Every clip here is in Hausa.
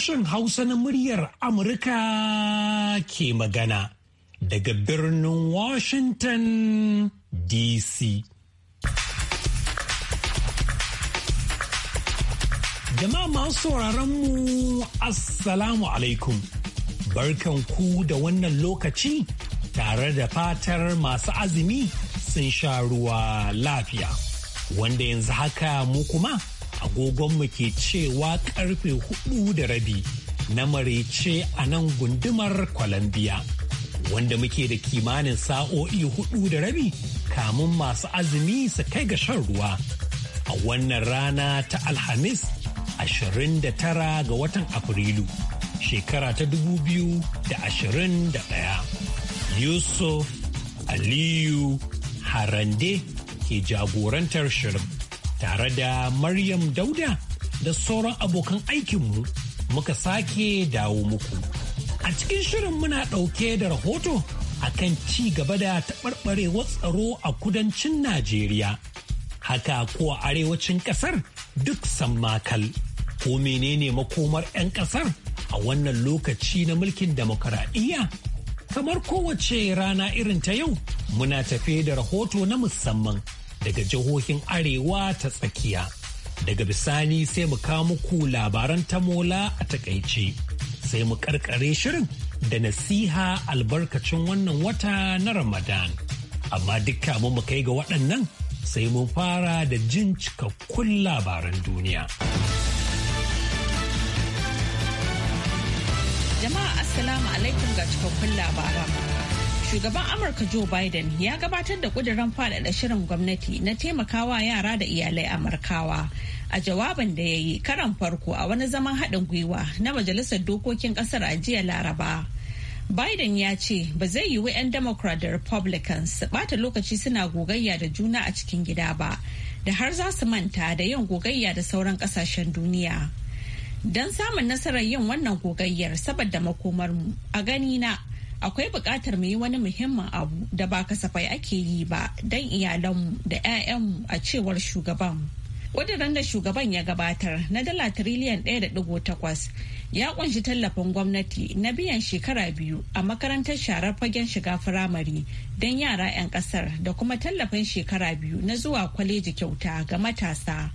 sashen Hausa na muryar Amurka ke magana daga birnin Washington DC. Jama'a masu mu Assalamu alaikum. Barkan ku da wannan lokaci tare da fatar masu azumi sun sha ruwa lafiya. Wanda yanzu haka mu kuma agogonmu ke cewa karfe hudu da rabi na marece a nan gundumar kwalambiya Wanda muke da kimanin sa'o'i hudu da rabi kamun masu azumi su kai ga shan ruwa. A wannan rana ta Alhamis 29 ga watan Afrilu, shekara ta 2021. Yusuf Aliyu Harande ke jagorantar shirin. tare da Maryam Dauda da sauran abokan aikinmu muka sake dawo muku. A cikin shirin muna ɗauke da rahoto a kan ci gaba da taɓarɓarewar tsaro a kudancin Najeriya. Haka ko a arewacin ƙasar duk sammakal. Ko menene makomar 'yan ƙasar a wannan lokaci na mulkin demokaradiyya? Kamar kowace rana irin ta yau muna tafe da rahoto na musamman. daga jihohin Arewa ta tsakiya. Daga bisani sai mu kawo muku labaran tamola a takaice. Sai mu karkare shirin da nasiha albarkacin wannan wata na Ramadan. Amma dukka mu kai ga waɗannan sai mun fara da jin cikakkun labaran duniya. Jama'a Assalamu alaikum ga cikakkun labaran. Shugaban Amurka Joe Biden ya gabatar da kudirin faɗaɗa shirin gwamnati na taimakawa yara da iyalai Amurkawa. A jawabin da ya yi karan farko a wani zaman haɗin gwiwa na Majalisar Dokokin ƙasar a jiya Laraba. Biden ya ce ba zai yi wa 'yan Democrat da Republicans su ɓata lokaci suna gogayya da juna a cikin gida ba, da har za su manta da yin gogayya da sauran ƙasashen duniya. Don samun nasarar yin wannan gogayyar saboda makomarmu, a gani na akwai buƙatar mu yi wani muhimmin abu da ba kasafai ake yi ba don iyalanmu da 'ya'yanmu a cewar shugaban. Ƙudurin da shugaban ya gabatar na dala tiriliyan 1.8 ya kunshi tallafin gwamnati na biyan shekara biyu a makarantar sharar fagen shiga firamare don yara 'yan kasar da kuma tallafin shekara biyu na zuwa kwaleji kyauta ga matasa.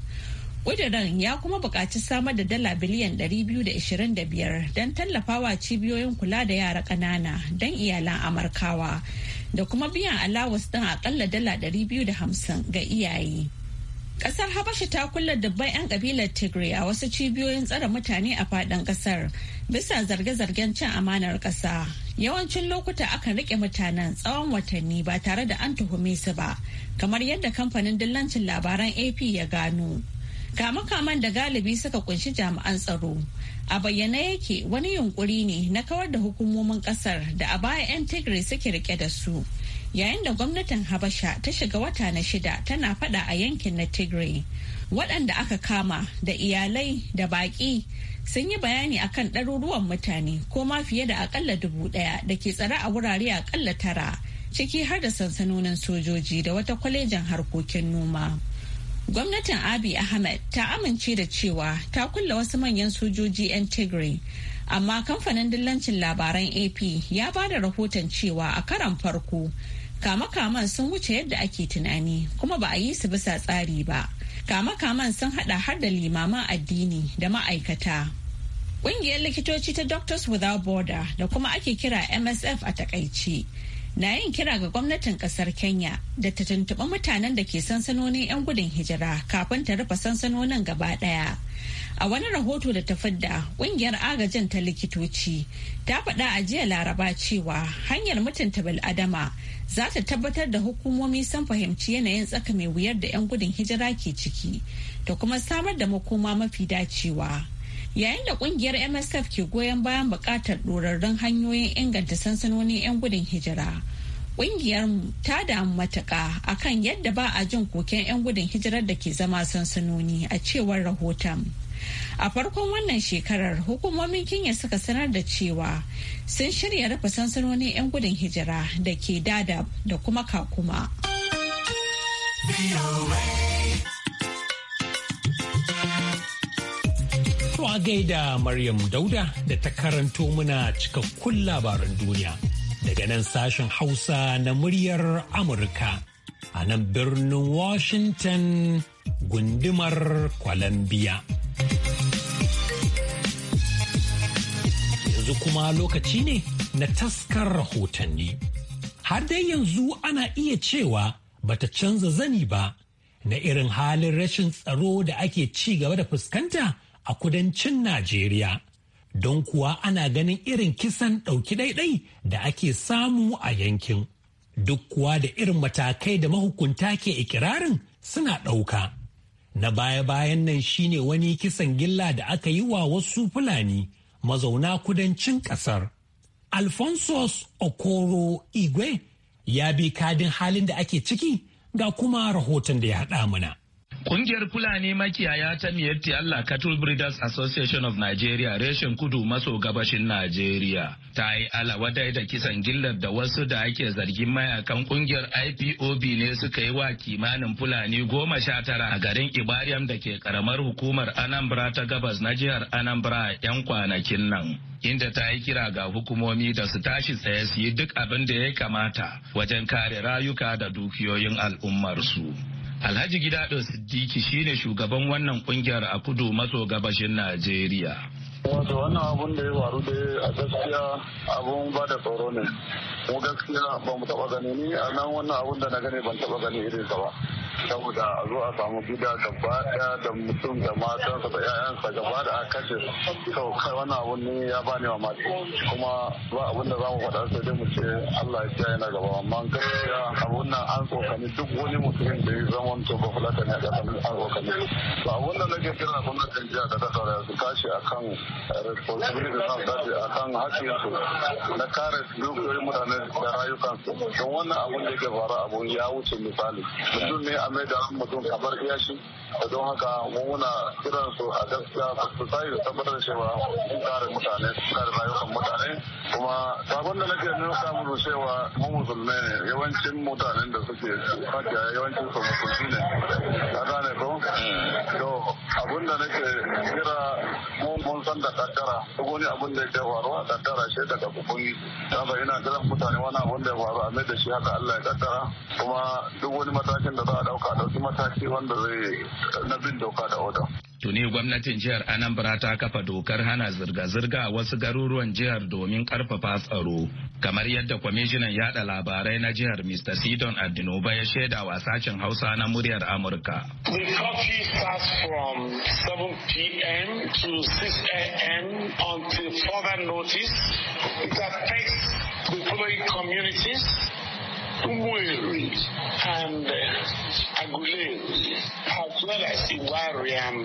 ƙudurin ya kuma buƙaci samar da dala biliyan 225 don tallafawa cibiyoyin kula da yara ƙanana don iyalan amurkawa da kuma biyan alawas ɗin aƙalla dala 250 ga iyaye. Ƙasar Habasha ta kulle dubban 'yan ƙabilar Tigray a wasu cibiyoyin tsare mutane a faɗin ƙasar bisa zarge-zargen cin amanar ƙasa. Yawancin lokuta akan rike mutanen tsawon watanni ba tare da an tuhume su ba, kamar yadda kamfanin dillancin labaran AP ya gano. Kama-kaman da galibi suka kunshi jami'an tsaro. A bayyana yake wani yunkuri ne na kawar da hukumomin kasar da a baya 'yan Tigray suke rike da su. Yayin da gwamnatin Habasha ta shiga wata na shida tana fada a yankin na Tigray. Waɗanda aka kama da iyalai da baƙi sun yi bayani akan ɗaruruwan mutane ko ma fiye da akalla dubu ɗaya da ke tsare a wurare akalla tara ciki har da sansanonin sojoji da wata kwalejin harkokin noma. Gwamnatin Abiy Ahmed ta amince da cewa ta kulle wasu manyan sojoji 'yan Tigray. Amma kamfanin dillancin labaran AP ya ba da rahoton cewa a karan farko kama-kaman sun wuce yadda ake tunani kuma ba a yi su bisa tsari ba. Kama-kaman sun hada har da limaman addini da ma'aikata. Ƙungiyar likitoci ta Doctors Without Border da kuma ake kira MSF a takaici. na yin kira ga gwamnatin kasar Kenya da ta tuntuɓi mutanen da ke sansanonin 'yan gudun hijira kafin ta rufe sansanonin gaba ɗaya. A wani rahoto da ta fidda ƙungiyar agajin ta likitoci ta faɗa a jiya laraba cewa hanyar mutunta bil'adama za ta tabbatar da hukumomi sun fahimci yanayin tsaka mai wuyar da 'yan gudun hijira ke ciki ta kuma samar da makoma mafi dacewa. yayin da kungiyar msf ke goyon bayan bukatar ɗorarrun hanyoyin inganta sansanonin 'yan gudun hijira kungiyar ta damu matuka akan yadda ba a jin koken 'yan gudun hijirar da ke zama sansanoni a cewar rahoton a farkon wannan shekarar hukumomin kenya suka sanar da cewa sun shirya rufe sansanonin 'yan gudun hijira da ke dada da kuma kakuma. a gaida Maryam Dauda da ta karanto muna cikakkun labaran duniya daga nan sashen Hausa na muryar Amurka a nan birnin Washington gundumar Columbia. Yanzu kuma lokaci ne na taskar rahotanni. Har dai yanzu ana iya cewa bata canza zani ba na irin halin rashin tsaro da ake ci gaba da fuskanta. a kudancin Najeriya. Don kuwa ana ganin irin kisan ɗauki ɗaiɗai da ake samu a yankin. Duk kuwa da irin matakai da mahukunta ke ikirarin suna ɗauka. Na baya-bayan nan shine wani kisan gilla da aka yi wa wasu Fulani mazauna kudancin ƙasar. alfonso Okoro Igwe ya bi kadin halin da ake ciki ga kuma rahoton da ya haɗa mana. Kungiyar Fulani makiyaya ta Miyatti Allah Cattle Breeders Association of Nigeria reshen kudu maso gabashin Nigeria. ta yi alawadai da kisan gillar da wasu da ake zargin mayakan kungiyar IPOB ne suka yi wa kimanin Fulani goma sha tara a garin Ibariyam da ke karamar hukumar Anambra ta gabas na jihar Anambra 'yan kwanakin nan. Inda ta yi kira ga hukumomi da su tashi tsaye su yi duk abin da ya kamata wajen kare rayuka da dukiyoyin al'ummarsu. Alhaji Gidado Siddiki shine shugaban wannan kungiyar a kudu maso gabashin Najeriya. wato wannan abun da ya faru da a gaskiya abun ba da tsoro ne mu gaskiya ba mu taba gani ni a nan wannan abun da na gani ban taba gani irin sa ba saboda a zo a samu gida gaba daya da mutum da matansa da yayansa gaba da aka kashe to kai wannan abun ne ya bani mamaki kuma ba abun da zamu faɗa sai dai mu ce Allah ya kiyaye na gaba amma gaskiya abun nan an tsokani duk wani mutum da ya zama to ba fulata ne a ƙasar an tsokani to abun da nake kira gwamnatin jiya da ta sauraya su tashi akan responsibility a kan haƙƙinsu na kare dukiyoyin mutane da rayukansu don wannan abun da yake faru abun ya wuce misali mutum ne a mai da mutum kamar iya shi da don haka mu muna kiran su a gaskiya su sai da tabbatar cewa sun kare mutane sun kare rayukan mutane kuma sabon da nake nuna samun cewa mu ne yawancin mutanen da suke hakiya yawancin su musulmi ne ka gane ko hmm. abun da nake kira mun san da daddara, duk wani abun da yake faruwa daddara ce daga ta saboda ina kiran mutane wani abun da ya faru a mai da shi haka Allah ya kaddara kuma duk wani matakin da za a dauka dauki mataki wanda zai na bin doka da oda Tuni gwamnatin jihar Anambra ta kafa dokar hana zirga-zirga a wasu garuruwan jihar domin karfafa tsaro. Kamar yadda kwamishinan yada labarai na jihar Mr. Sidon Adinoba ya shaida wa sashen Hausa na muryar Amurka. The 7 p.m. to 6 a.m. until further notice. following communities. Sumwiri and uh, Agulere, as well as Iwariam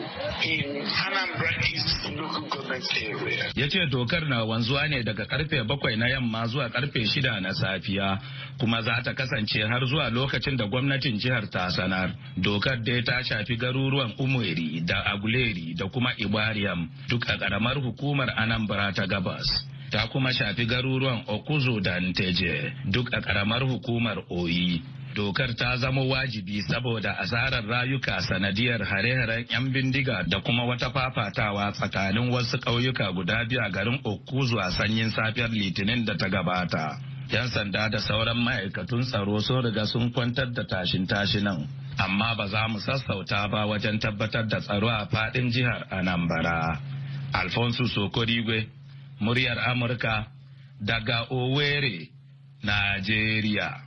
in Anambra East local government area. Ya dokar na wanzuwa ne daga karfe bakwai na yamma zuwa karfe shida na safiya, kuma za ta kasance har zuwa lokacin da gwamnatin jihar ta sanar. Dokar dai ta shafi garuruwan Umweri da Aguleri da kuma ibariam duk a karamar hukumar Anambra ta gabas. ta kuma shafi garuruwan Okuzo da Nteje duk a karamar hukumar Oyi. Dokar ta zama wajibi saboda asarar rayuka sanadiyar hare-haren 'yan bindiga da kuma wata fafatawa tsakanin wasu ƙauyuka guda biyu a garin Okuzo a sanyin safiyar Litinin da ta gabata. 'Yan sanda da sauran ma'aikatun tsaro sun riga sun kwantar da tashin-tashinan. Amma ba za mu sassauta ba wajen tabbatar da tsaro a faɗin jihar Anambra. Alfonso Sokorigwe muryar Amurka daga Owere, Najeriya.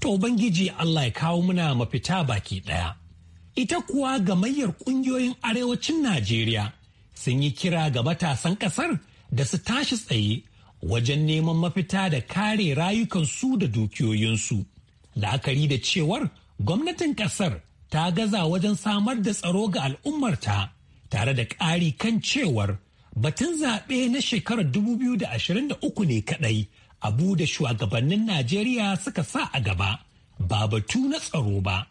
To Ubangiji Allah ya kawo muna mafita baki ɗaya. Ita kuwa gamayyar ƙungiyoyin arewacin Najeriya sun yi kira ga matasan ƙasar da su tashi tsaye wajen neman mafita da kare rayukansu da dukiyoyinsu. La'akari da cewar gwamnatin ƙasar ta gaza wajen samar da tsaro ga al'ummarta tare da ƙari kan cewar Batun zaɓe na shekarar 2023 ne kaɗai abu da shugabannin Najeriya suka sa a gaba, ba batu na tsaro ba.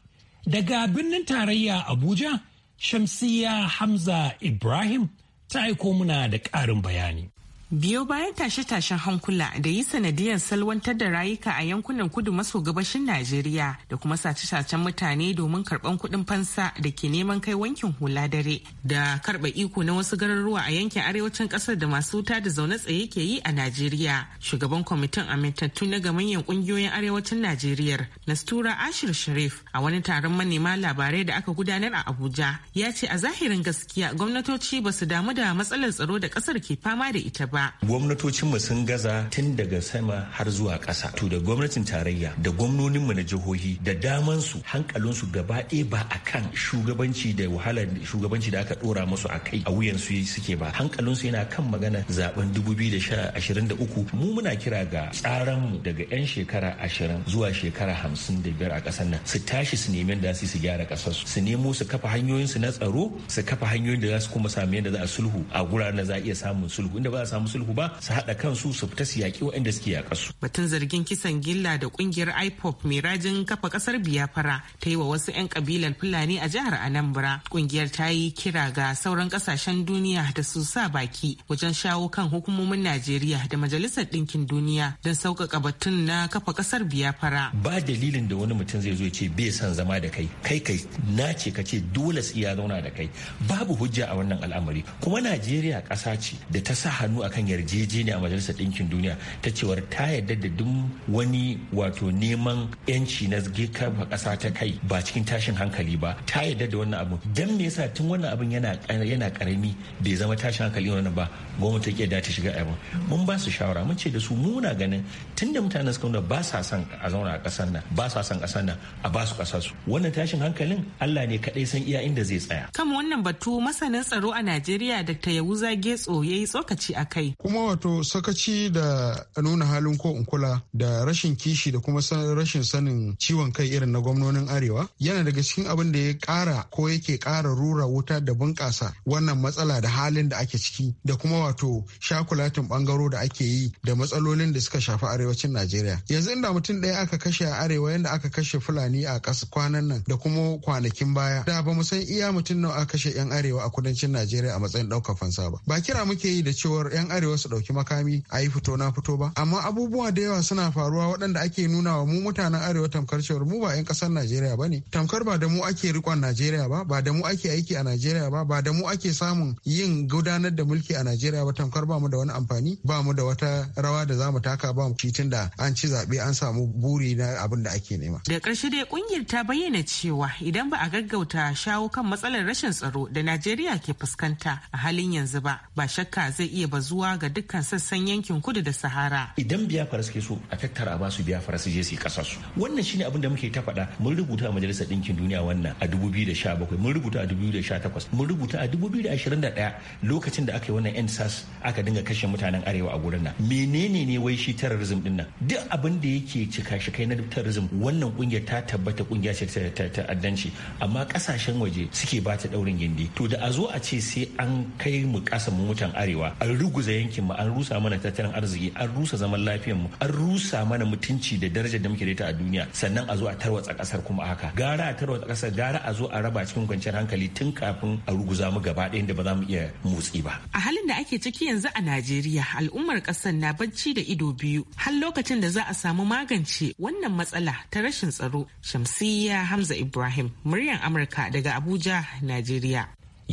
Daga birnin tarayya Abuja, Shamsiya Hamza Ibrahim ta aiko muna da ƙarin bayani. biyo bayan tashe-tashen hankula da yi sanadiyar salwantar da rayuka a yankunan kudu maso gabashin najeriya da kuma sace-sacen mutane domin karban kudin fansa da ke neman kai wankin hula dare da karba iko na wasu garuruwa a yankin arewacin kasar da masu wuta da zaune tsaye ke yi a najeriya shugaban kwamitin amintattu na manyan kungiyoyin arewacin najeriya nastura ashir sharif a wani taron manema labarai da aka gudanar a abuja ya ce a zahirin gaskiya gwamnatoci ba su damu da matsalar tsaro da kasar ke fama da ita ba ba. Gwamnatocinmu sun gaza tun daga sama har zuwa ƙasa. To da gwamnatin tarayya da gwamnoninmu na jihohi da damansu hankalinsu gaba ɗaya ba a kan shugabanci da wahalar shugabanci da aka ɗora musu a kai a wuyansu suke ba. Hankalinsu yana kan magana zaben 2023 mu muna kira ga tsaranmu daga 'yan shekara 20 zuwa shekara hamsin biyar a ƙasar nan su tashi su nemi da su gyara ƙasarsu su nemo su kafa hanyoyinsu na tsaro su kafa hanyoyin da za su kuma sami yadda za a sulhu a guraren da za a iya samun sulhu inda ba za a samu sulhu ba su haɗa kansu su fita su yaƙi waɗanda suke yaƙa su. Batun zargin kisan gilla da ƙungiyar IPOP mai rajin kafa ƙasar Biafra ta yi wa wasu 'yan ƙabilar Fulani a jihar Anambra. Ƙungiyar ta yi kira ga sauran ƙasashen duniya da su sa baki wajen shawo kan hukumomin Najeriya da Majalisar Ɗinkin Duniya don sauƙaƙa batun na kafa ƙasar Biafra. Ba dalilin da wani mutum zai zo ya ce bai san zama da kai, kai kai na ce ka ce dole su iya zauna da kai. Babu hujja a wannan al'amari. Kuma Najeriya ƙasa ce da ta sa hannu akan akan yarjejeniya a majalisar ɗinkin duniya ta cewar ta yarda da duk wani wato neman yanci na kafa kasa ta kai ba cikin tashin hankali ba ta yarda da wannan abun dan me yasa tun wannan abin yana yana karami bai zama tashin hankali wannan ba gwamnati ta da ta shiga abin mun ba su shawara mun ce da su mu muna ganin tunda mutanen suka ba sa san a zauna a ƙasar nan ba sa son ƙasar nan a ba su ƙasar su wannan tashin hankalin Allah ne kaɗai san iya inda zai tsaya kan wannan batu masanin tsaro a Najeriya Dr. Yahuza Getso yayi tsokaci akai kai. Kuma wato sakaci da nuna halin ko in kula da rashin kishi da kuma rashin sanin ciwon kai irin na gwamnonin Arewa yana daga cikin abin da ya kara ko yake kara rura wuta da bunƙasa wannan matsala da halin da ake ciki da kuma wato shakulatin bangaro da ake yi da matsalolin da suka shafi arewacin Najeriya. Yanzu inda mutum ɗaya aka kashe a arewa yadda aka kashe Fulani a ƙasa kwanan nan da kuma kwanakin baya da ba mu san iya mutum nawa aka kashe 'yan arewa a kudancin Najeriya a matsayin ɗaukar fansa ba. Ba kira muke yi da cewar 'yan arewa su dauki makami a yi fito na fito ba amma abubuwa da yawa suna faruwa waɗanda ake nuna wa mu mutanen arewa tamkar cewar mu ba 'yan ƙasar najeriya ba ne tamkar ba da mu ake rikon najeriya ba ba da mu ake aiki a najeriya ba ba da mu ake samun yin gudanar da mulki a najeriya ba tamkar ba mu da wani amfani ba mu da wata rawa da za mu taka ba mu titin da an ci zaɓe an samu buri na abin da ake nema da karshe dai kungiyar ta bayyana cewa idan ba a gaggauta shawo kan matsalar rashin tsaro da najeriya ke fuskanta a halin yanzu ba ba shakka zai iya bazuwa ruwa ga dukkan sassan yankin kudu da sahara idan fara suke so a tattara ba su fara su je su kasa su wannan shine abin da muke ta faɗa mun rubuta a majalisar ɗinkin duniya wannan a 2017 mun rubuta a 2018 mun rubuta a 2021 lokacin da aka yi wannan ensas aka dinga kashe mutanen arewa a gurin nan menene ne wai shi terrorism din nan duk abin da yake cika shi kai na terrorism wannan kungiyar ta tabbata kungiya ce ta ta'addanci amma kasashen waje suke ba ta daurin gindi to da a zo a ce sai an kai mu kasa mutan arewa an ruguza rusa yankin mu an rusa mana tattalin arziki an rusa zaman lafiyar mu an rusa mana mutunci da daraja da muke da ita a duniya sannan a zo a tarwatsa kasar kuma haka gara a tarwatsa kasar gara a zo a raba cikin kwanciyar hankali tun kafin a ruguza mu gaba ɗayan da ba za mu iya motsi ba a halin da ake ciki yanzu a Najeriya al'ummar kasar na bacci da ido biyu har lokacin da za a samu magance wannan matsala ta rashin tsaro Shamsiyya Hamza Ibrahim muryar Amurka daga Abuja Najeriya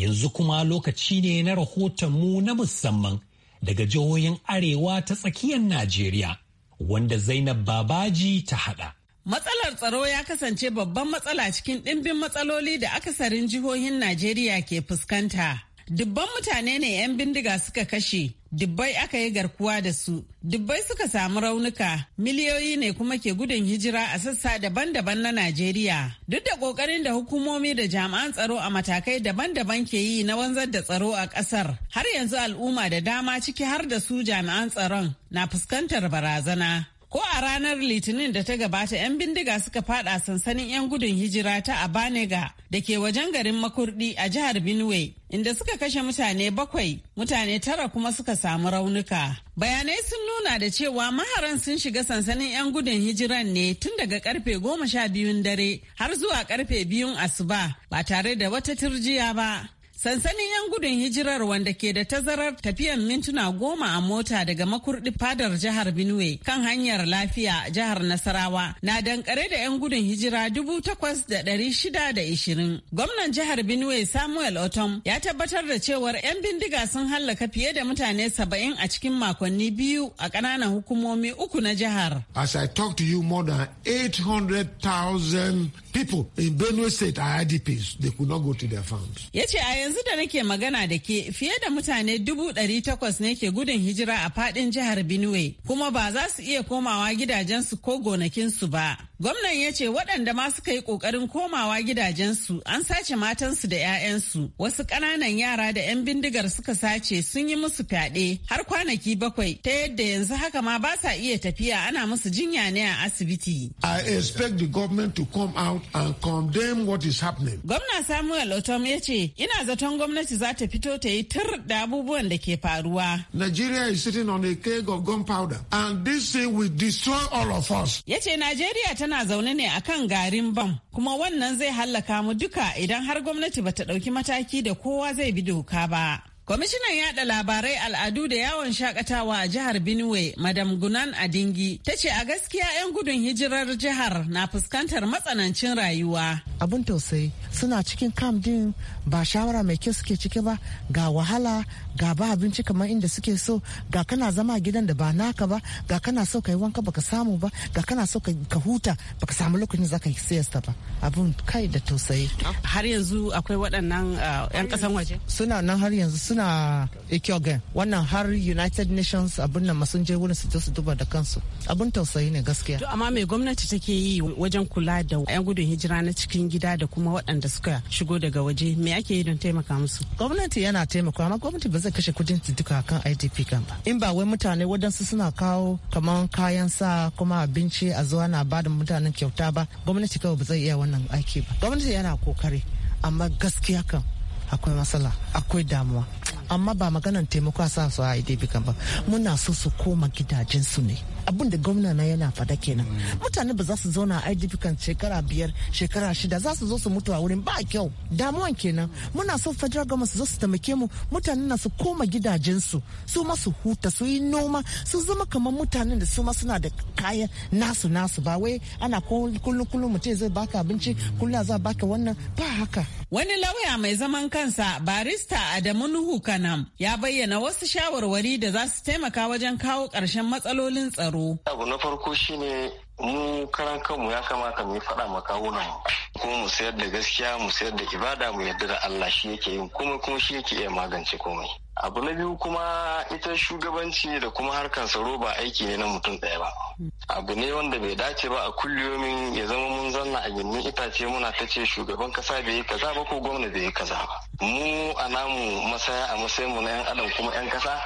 yanzu kuma lokaci ne na rahoton mu na musamman daga jihohin Arewa ta tsakiyar Najeriya, wanda Zainab Babaji ta haɗa. Matsalar tsaro ya kasance babban matsala cikin ɗimbin matsaloli da akasarin jihohin Najeriya ke fuskanta. Dubban mutane ne 'yan bindiga suka kashe, dubbai aka yi garkuwa da su, dubbai suka samu raunuka, miliyoyi ne kuma ke gudun hijira a sassa daban-daban na Najeriya. Duk da kokarin da hukumomi da jami'an tsaro a matakai daban-daban ke yi na wanzar da tsaro a ƙasar, har yanzu al'umma da dama ciki har da su jami'an tsaron na fuskantar barazana. Ko a ranar Litinin da ta gabata 'yan bindiga suka fada sansanin 'yan gudun hijira ta Abanega da ke wajen garin makurdi a jihar Benue, inda suka kashe mutane bakwai, mutane tara kuma suka samu raunuka. Bayanai sun nuna da cewa maharan sun shiga sansanin 'yan gudun hijiran ne tun daga karfe goma sha biyun dare har zuwa karfe biyun asuba ba tare da wata turjiya ba. Sansanin 'yan gudun hijirar wanda ke da tazarar tafiyan mintuna goma a mota daga makurdi fadar jihar Benue kan hanyar lafiya jihar Nasarawa na dankare da 'yan gudun hijira dubu takwas da ɗari shida da ishirin. Gwamnan jihar Benue Samuel Otom ya tabbatar da cewar 'yan bindiga sun hallaka fiye da mutane saba'in a cikin makonni biyu a ƙananan hukumomi uku na jihar. As I talk to you more than 800,000 people in Benue State are IDPs. They could not go to their farms. Ya yanzu da nake magana da ke fiye da mutane dubu ɗari takwas ne ke gudun hijira a fadin jihar Benue kuma ba za su iya komawa gidajensu ko gonakinsu ba. Gwamnan ya ce waɗanda ma suka yi ƙoƙarin komawa gidajensu an sace matansu da 'ya'yansu wasu ƙananan yara da 'yan bindigar suka sace sun yi musu fyaɗe har kwanaki bakwai ta yadda yanzu haka ma ba sa iya tafiya ana musu jinya ne a asibiti. I expect the government to come out and condemn what is happening. Gwamna Samuel Otom ya ce ina zato zaton gwamnati za ta fito ta yi tur da abubuwan da ke faruwa. Nigeria is sitting on a keg of gunpowder and this thing will destroy all of us. Ya ce Najeriya tana zaune ne a kan garin bam kuma wannan zai hallaka mu duka idan har gwamnati ba ta ɗauki mataki da kowa zai bi doka ba. Kwamishinan yada labarai al'adu da yawon shakatawa a jihar Benue, Madam Gunan Adingi, ta ce a gaskiya 'yan gudun hijirar jihar na fuskantar matsanancin rayuwa. Abin tausayi suna cikin kam din ba shawara mai kyau suke ciki ba ga wahala ga ba abinci kamar inda suke so ga kana zama a gidan da ba naka ba ga kana so ka yi wanka baka samu ba ga kana so ka huta baka samu lokacin za ka siyasta ba abun kai da tausayi har yanzu akwai waɗannan ah, yan ƙasan waje suna nan har yanzu suna ikyogen wannan har united nations abin nan masu je wurin su je su duba da kansu abin tausayi ne gaskiya amma mai gwamnati take yi wajen kula da yan gudun hijira na cikin gida da kuma waɗanda suka shigo daga waje me ake yi don taimaka musu gwamnati yana taimakawa amma gwamnati ba zai kashe kudin su duka kan idp kan ba in ba wai mutane wadansu suna kawo kamar kayan sa kuma abinci a zuwa na ba da mutanen kyauta ba gwamnati kawai ba zai iya wannan aiki ba gwamnati yana kokari amma gaskiya kan akwai matsala akwai damuwa amma ba maganan taimako a sa su a idp kan ba muna so su koma gidajensu ne abin da gwamna na yana fada kenan mutane ba za su zauna a kan shekara biyar shekara shida za su zo su mutu a wurin ba kyau damuwan kenan muna so federal government su zo su taimake mu mutane na su koma gidajensu su ma su huta su yi noma su zama kamar mutanen da su ma suna da kaya nasu nasu ba wai ana kullum kullum mutum zai baka abinci kullum za baka wannan ba haka Wani lauya mai zaman kansa barista Adamu Nuhu Kanam ya bayyana wasu shawarwari da za su taimaka wajen kawo karshen matsalolin tsaro. Abu na farko shine mu karan kanmu ya kamata mu yi faɗa ma kawunan kuma mu sayar da gaskiya mu sayar da ibada mu yadda da Allah shi yake yin komai kuma shi yake iya magance komai. abu na biyu kuma ita shugabanci da kuma harkar tsaro ba aiki ne na mutum ɗaya ba abu ne wanda bai dace ba a kulliyomin ya zama mun zanna a gindin itace muna ta ce shugaban kasa bai yi kaza ba ko gwamna bai yi kaza ba mu a namu masaya a matsayin mu na yan adam kuma yan kasa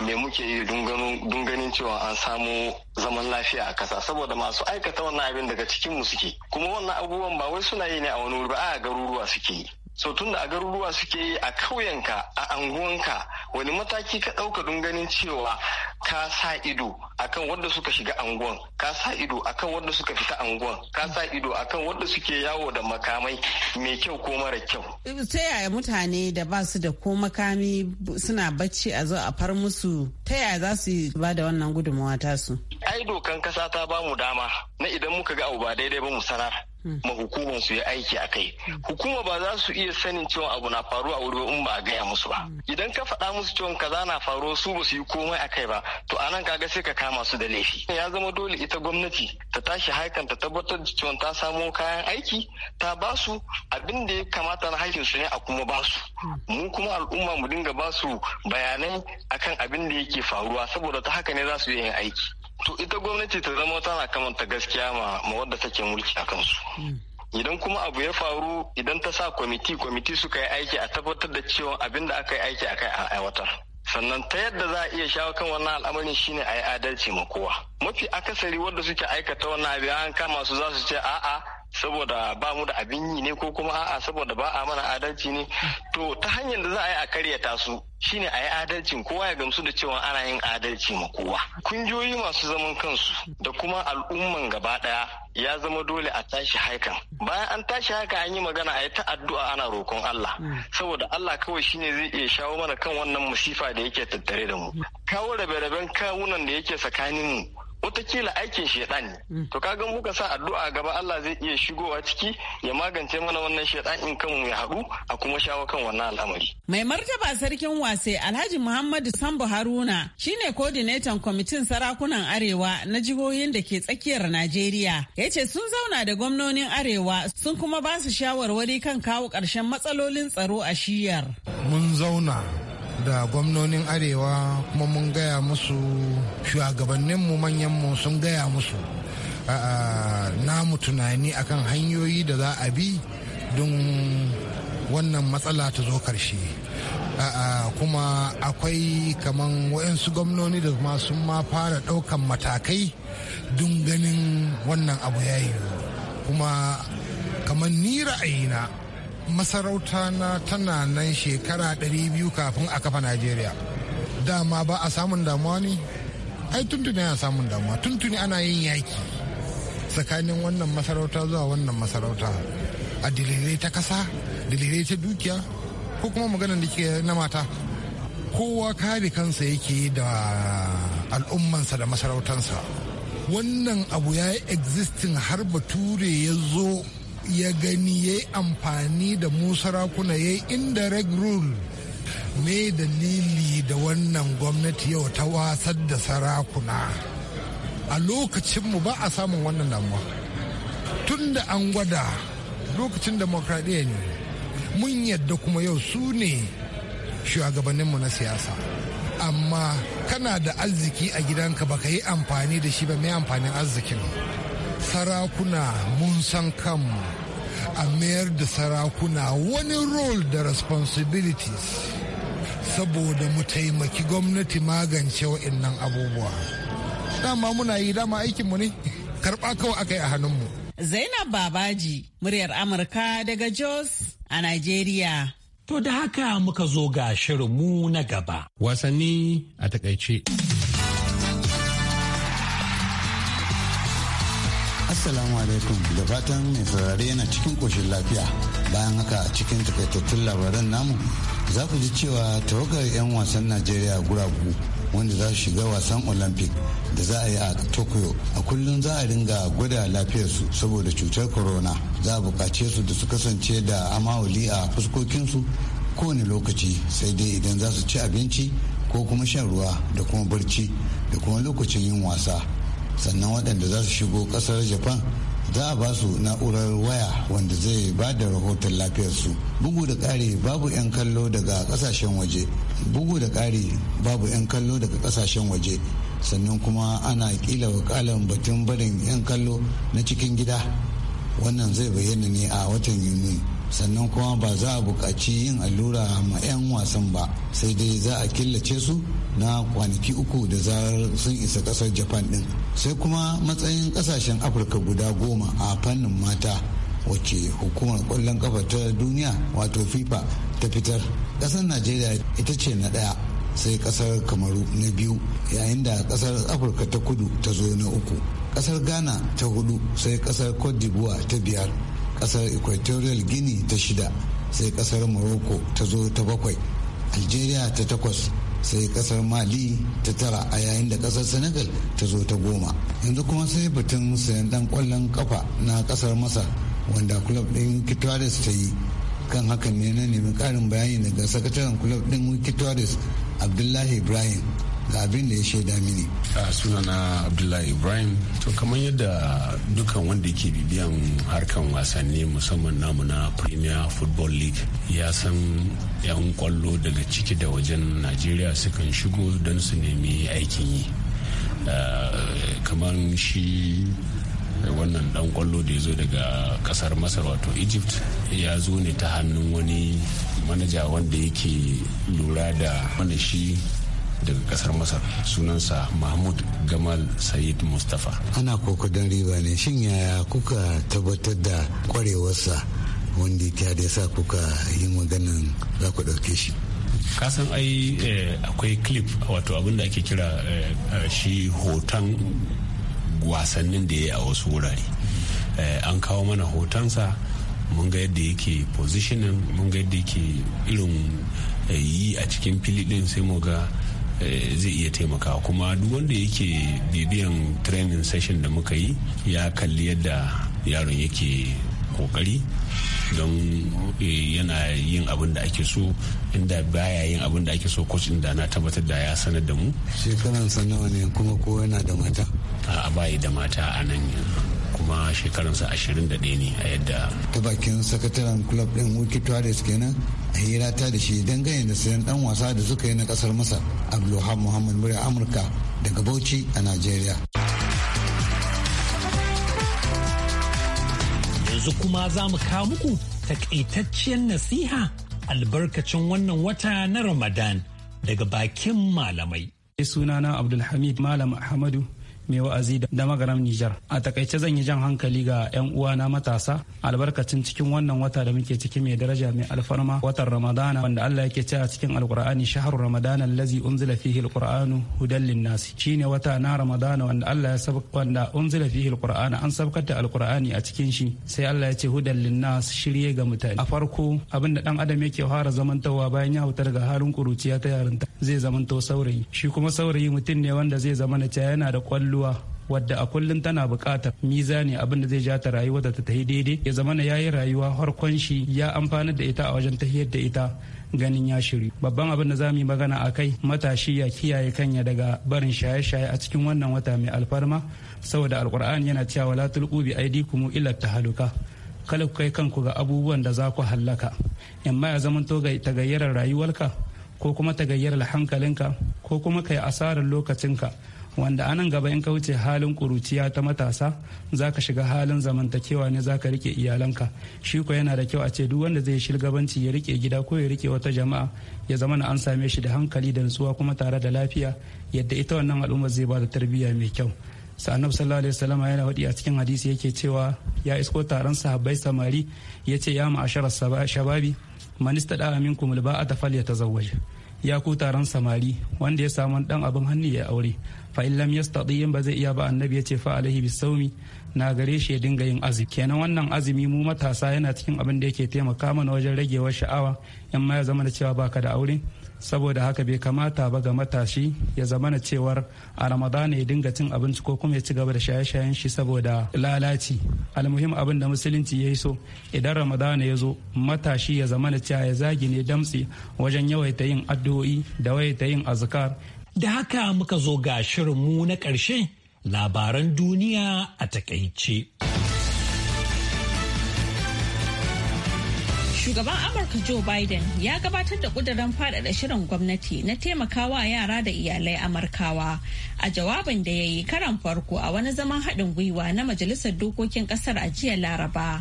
me muke yi dun ganin cewa an samu zaman lafiya a kasa saboda masu aikata wannan abin daga cikin mu suke kuma wannan abubuwan ba wai suna yi ne a wani wuri ba a garuruwa suke yi so tun da a garuruwa suke yi a kauyenka a anguwanka wani mataki ka ɗauka don ganin cewa ka sa ido akan wanda suka shiga anguwan ka sa ido akan wanda suka fita anguwan ka sa ido akan wanda suke yawo da makamai mai kyau ko mara kyau ta yaya mutane da ba su da ko makami suna bacci a zo a far musu ta yaya za su ba da wannan gudunmawa tasu ai dokan kasa ta ba mu dama na idan muka ga abu ba daidai ba mu sanar Hmm. ma hukumar su ya aiki a kai hmm. hukuma ba za su iya sanin cewa abu na faruwa a wuri in ba a gaya musu ba hmm. idan ka faɗa musu cewa kaza na faruwa su ba su yi komai a kai ba to anan kaga sai ka kama su da laifi ya zama dole ita gwamnati ta tashi haikan ta tabbatar da cewa ta samo kayan aiki ta ba su abin da ya kamata na haƙƙin su ne a kuma ba su mu kuma al'umma mu dinga ba su bayanai akan abin da yake faruwa saboda ta haka ne za su yi aiki to ita gwamnati ta zama tana kamanta gaskiya ma wadda take mulki a kansu hmm. idan kuma abu ya faru idan ta sa kwamiti kwamiti suka yi aiki a tabbatar da cewa abin da aka yi aiki akai a aiwatar sannan ta yadda za a iya shawo kan wannan al'amarin shine a yi adalci ma kowa mafi akasari wadda suke aikata wannan abin an kama su za su ce a'a saboda ba mu da abin yi ne ko kuma a'a saboda ba a mana adalci ne to ta hanyar da za a yi a karyata su shine a yi adalcin kowa ya gamsu da cewa ana yin adalci ma kowa kungiyoyi masu zaman kansu da kuma al'umman gaba daya ya zama dole a tashi haikan bayan an tashi haka an yi magana a yi ta addu'a ana roƙon Allah mm. saboda Allah kawai shine zai iya shawo mana kan wannan masifa da yake tattare da mu kawo rabe-raben kawunan da yake tsakanin mu watakila aikin shaidan ne mm. to kaga muka sa addu'a gaba Allah zai iya shigowa ciki ya magance mana wannan shaidan in kanmu ya haɗu a kuma shawo kan wannan al'amari mai martaba sarkin wase Alhaji Muhammadu Sambu Haruna shine kodinetan kwamitin sarakunan arewa na jihohin da ke tsakiyar Najeriya yace sun zauna da gwamnonin arewa sun kuma ba su shawarwari kan kawo ƙarshen matsalolin tsaro a shiyar mun zauna da gwamnonin arewa kuma mun gaya musu shugabanninmu manyanmu sun gaya musu namu tunani akan hanyoyi da za a bi don wannan matsala ta zo karshe kuma akwai kaman wa'insu gwamnoni da ma sun ma fara ɗaukan matakai don ganin wannan abu ya yi kuma kamar ni ra'ayina masarauta na tana nan shekara 200 kafin a kafa najeriya dama ba a samun damuwa ne ai tuntuni ana samun damuwa tuntuni ana yin yaki tsakanin wannan masarauta zuwa wannan masarauta a dalilai ta kasa dalilai ta dukiya ko kuma maganar da ke na mata kowa kare kansa yake da al'ummansa da masarautansa wannan abu ya yi existing har bature ya zo ya gani ya yi amfani da mu sarakuna ya yi indirect rule me dalili da wannan gwamnati yau ta wasar da sarakuna a lokacinmu ba a samun wannan damuwa tun da an gwada lokacin demokradiyya ne mun yadda kuma yau su ne shugabanninmu na siyasa amma kana da arziki a gidanka baka yi amfani da shi ba mai amfanin arzikin sarakuna mun san kanmu a mayar da sarakuna wani role da responsibilities saboda mu taimaki gwamnati magance wa'annan abubuwa dama muna yi dama aikinmu ne karɓa kawai aka yi a hannunmu zainab babaji muryar amurka daga jos a nigeria to da haka muka zo ga shirinmu na gaba wasanni a takaice Assalamu alaikum da fatan mai saurare yana cikin koshin lafiya. Bayan haka cikin takaitattun labaran namu za ku ji cewa tawagar 'yan wasan Najeriya guragu wanda za su shiga wasan Olympic da za a yi a Tokyo a kullum za a ringa gwada lafiyarsu saboda cutar corona. Za a bukace su da su kasance da amawuli a fuskokinsu kowane lokaci sai dai idan za su ci abinci ko kuma shan ruwa da kuma barci da kuma lokacin yin wasa. sannan waɗanda za su shigo ƙasar japan za a ba su na'urar waya wanda zai ba da rahoton lafiyarsu bugu da ƙari babu 'yan kallo daga ƙasashen waje bugu da ƙari babu 'yan kallo daga ƙasashen waje sannan kuma ana ƙila wakalan batun barin 'yan kallo na cikin gida wannan zai bayyana ne a watan yuni sannan kuma ba za a buƙaci yin allura ma 'yan wasan ba sai dai za a killace su na kwanaki uku da zarar sun isa kasar japan din sai kuma matsayin kasashen afirka guda goma a fannin mata wacce hukumar kwallon kafa ta duniya wato fifa ta fitar kasar najeriya ita ce na daya sai kasar kamaru na biyu yayin da kasar afirka ta kudu ta zo na uku kasar ghana ta hudu sai kasar cote d'ivoire ta biyar kasar equatorial guinea ta shida sai kasar morocco ta zo ta bakwai algeria ta takwas sai kasar mali ta tara a yayin da kasar senegal ta zo ta goma yanzu kuma sai batun sayan dan kwallon kafa na kasar masar wanda club din kitwaris ta yi kan hakan ne na nemi karin bayani daga sakataren club din kitwaris abdullahi ibrahim ga abin da ya shaida mini a sunana abdullahi ibrahim to kamar yadda dukan wanda ke bibiyan harkan wasanni musamman namu na premier football league ya san yan kwallo daga ciki da wajen najeriya sukan shigo don su nemi aikin yi kamar shi wannan dan kwallo da ya zo daga kasar masar wato egypt ya zo ne ta hannun wani manaja wanda yake lura da wanda shi daga kasar masar sunansa mahmud gamal sayid mustapha ana don riba ne shin yaya kuka tabbatar da kwarewarsa wanda ta da sa kuka yi maganan za ku ɗauke shi kasan ai eh, akwai clip wato abin da ake kira eh, eh, shi hoton wasannin da ya yi a wasu wurare an kawo mana hotonsa mun ga yadda yake positioning mun ga yadda yake irin yi a cikin fili din sai mu ga Eh, zai iya taimakawa kuma duk wanda yake bibiyan training session da muka yi ya kalli yadda yaron yake kokari don eh, yana yin abin da ake so inda baya yin abin da ake so coach inda na tabbatar da ya sanar da mu shekaran sanawa ne kuma ko yana da mata a bayi da mata a nan yanzu kuma shekaransa 21 ne a yadda ta bakin sakataren club ɗin wiki tuwares kenan a hira ta da shi don ganyen da sayan dan wasa da suka yi na kasar masar abdulham muhammad murya amurka daga bauchi a nigeria yanzu kuma za mu kawo muku takaitacciyar nasiha albarkacin wannan wata na ramadan daga bakin malamai sunana abdulhamid malam ahmadu mai wa'azi da magaram Nijar. A takaice zan yi jan hankali ga 'yan uwa na matasa albarkacin cikin wannan wata da muke ciki mai daraja mai alfarma watan Ramadana wanda Allah yake ce a cikin Alkur'ani shahar Ramadana lazi unzila fihi alqur'anu hudan linnasi shine wata na Ramadana wanda Allah ya sab wanda unzila fihi alqur'ana an sabkar da alqur'ani a cikin shi sai Allah ya ce hudan linnas shirye ga mutane. A farko abin da dan adam yake fara zamantawa bayan ya huta daga halin kuruciya ta yarinta zai zamanto saurayi shi kuma saurayi mutum ne wanda zai zamana cewa yana da kwallo rayuwa wadda a kullum tana buƙatar mizani abin da zai ja ta rayuwa da ta yi daidai ya zama na yayi rayuwa harkon shi ya amfana da ita a wajen tahiyar da ita ganin ya shiri babban abin da za mu yi magana a kai matashi ya kiyaye kanya daga barin shaye-shaye a cikin wannan wata mai alfarma saboda alkur'ani yana cewa wala tulqu bi aydikum illa haluka kala ku kai kanku ga abubuwan da za ku hallaka yamma ya zamanto ga tagayyarar rayuwarka ko kuma tagayyarar hankalinka ko kuma kai asarar lokacinka wanda a nan gaba in ka wuce halin kuruciya ta matasa za ka shiga halin zamantakewa ne za ka rike iyalanka shi ko yana da kyau a ce duk wanda zai shilgabanci ya rike gida ko ya rike wata jama'a ya zama na an same shi da hankali da nutsuwa kuma tare da lafiya yadda ita wannan al'ummar zai ba da tarbiyya mai kyau sa'anab sallallahu alaihi wasallam yana wadi a cikin hadisi yake cewa ya isko taron sahabbai samari ya ce ya manista shababi man istada falya ta tazawwaj ya ku taron samari wanda ya samu dan abin hannu ya aure fa in lam ba zai iya ba annabi ya ce fa alaihi bisawmi na gare shi ya dinga yin azumi kenan wannan azumi mu matasa yana cikin abin da yake taimaka mana wajen ragewar sha'awa in ma ya zama da cewa baka da aure saboda haka bai kamata ba ga matashi ya zamana cewar a ramadana ya dinga cin abinci ko kuma ya ci gaba da shaye-shayen shi saboda lalaci almuhim abin da musulunci ya yi so idan ramadana ya zo matashi ya zamana cewa ya zagi ne damtsi wajen yawaita yin addu'o'i da yawaita yin azkar da haka muka zo ga shirinmu na ƙarshe labaran duniya a takaice. Shugaban Amurka Joe Biden ya gabatar da kudirin faɗaɗa shirin gwamnati na taimakawa yara da iyalai Amurkawa a jawabin da ya yi karan farko a wani zaman haɗin gwiwa na Majalisar Dokokin ƙasar a jiya Laraba.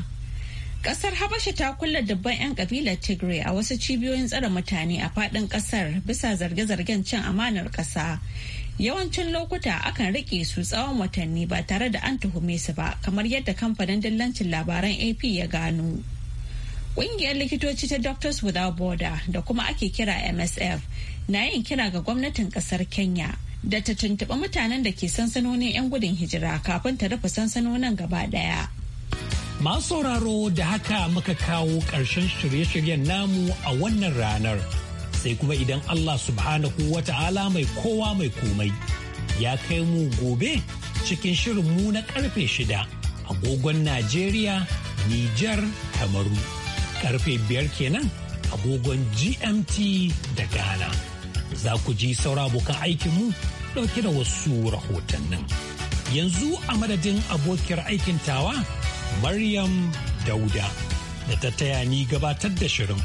Ƙasar Habasha ta kulla dubban 'yan ƙabilar Tigray a wasu cibiyoyin tsare mutane a faɗin ƙasar bisa zarge-zargen cin amanar ƙasa. yawancin lokuta akan rike su tsawon watanni ba tare da an tuhume su ba kamar yadda kamfanin dillancin labaran ap ya gano Ƙungiyar likitoci ta Doctors Without Border da kuma ake kira MSF na yin kira ga gwamnatin ƙasar Kenya da ta tuntuɓa mutanen da ke sansanonin 'yan gudun hijira kafin ta rufe sansanonin gaba ɗaya. Masu sauraro da haka muka kawo ƙarshen shirye-shiryen namu a wannan ranar. Sai kuma idan Allah subhanahu wa ta'ala mai kowa mai komai ya kai mu gobe cikin shirin mu na karfe shida agogon Najeriya, Nijar, Kamaru. karfe biyar kenan agogon GMT da Ghana. Za ku ji saura abokan aikinmu ɗauke da wasu rahotannin. Yanzu a madadin abokiyar aikin tawa Maryam Dauda da ta taya ni gabatar da shirin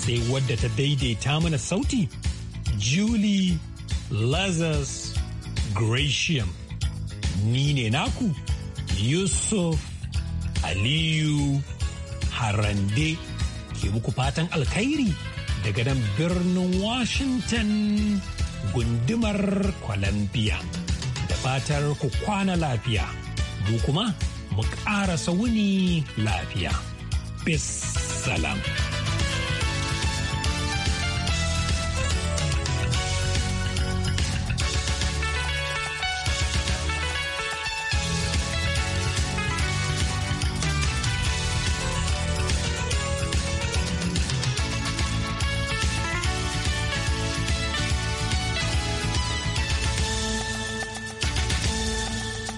sai wadda ta daidaita mana sauti Julie Lazarus Gratium. Ni ne naku Yusuf Aliyu Harande. ke muku fatan alkhairi daga nan birnin Washington gundumar Columbia. Da fatar ku kwana lafiya, mu kuma mu ƙara wuni lafiya. Bis salam.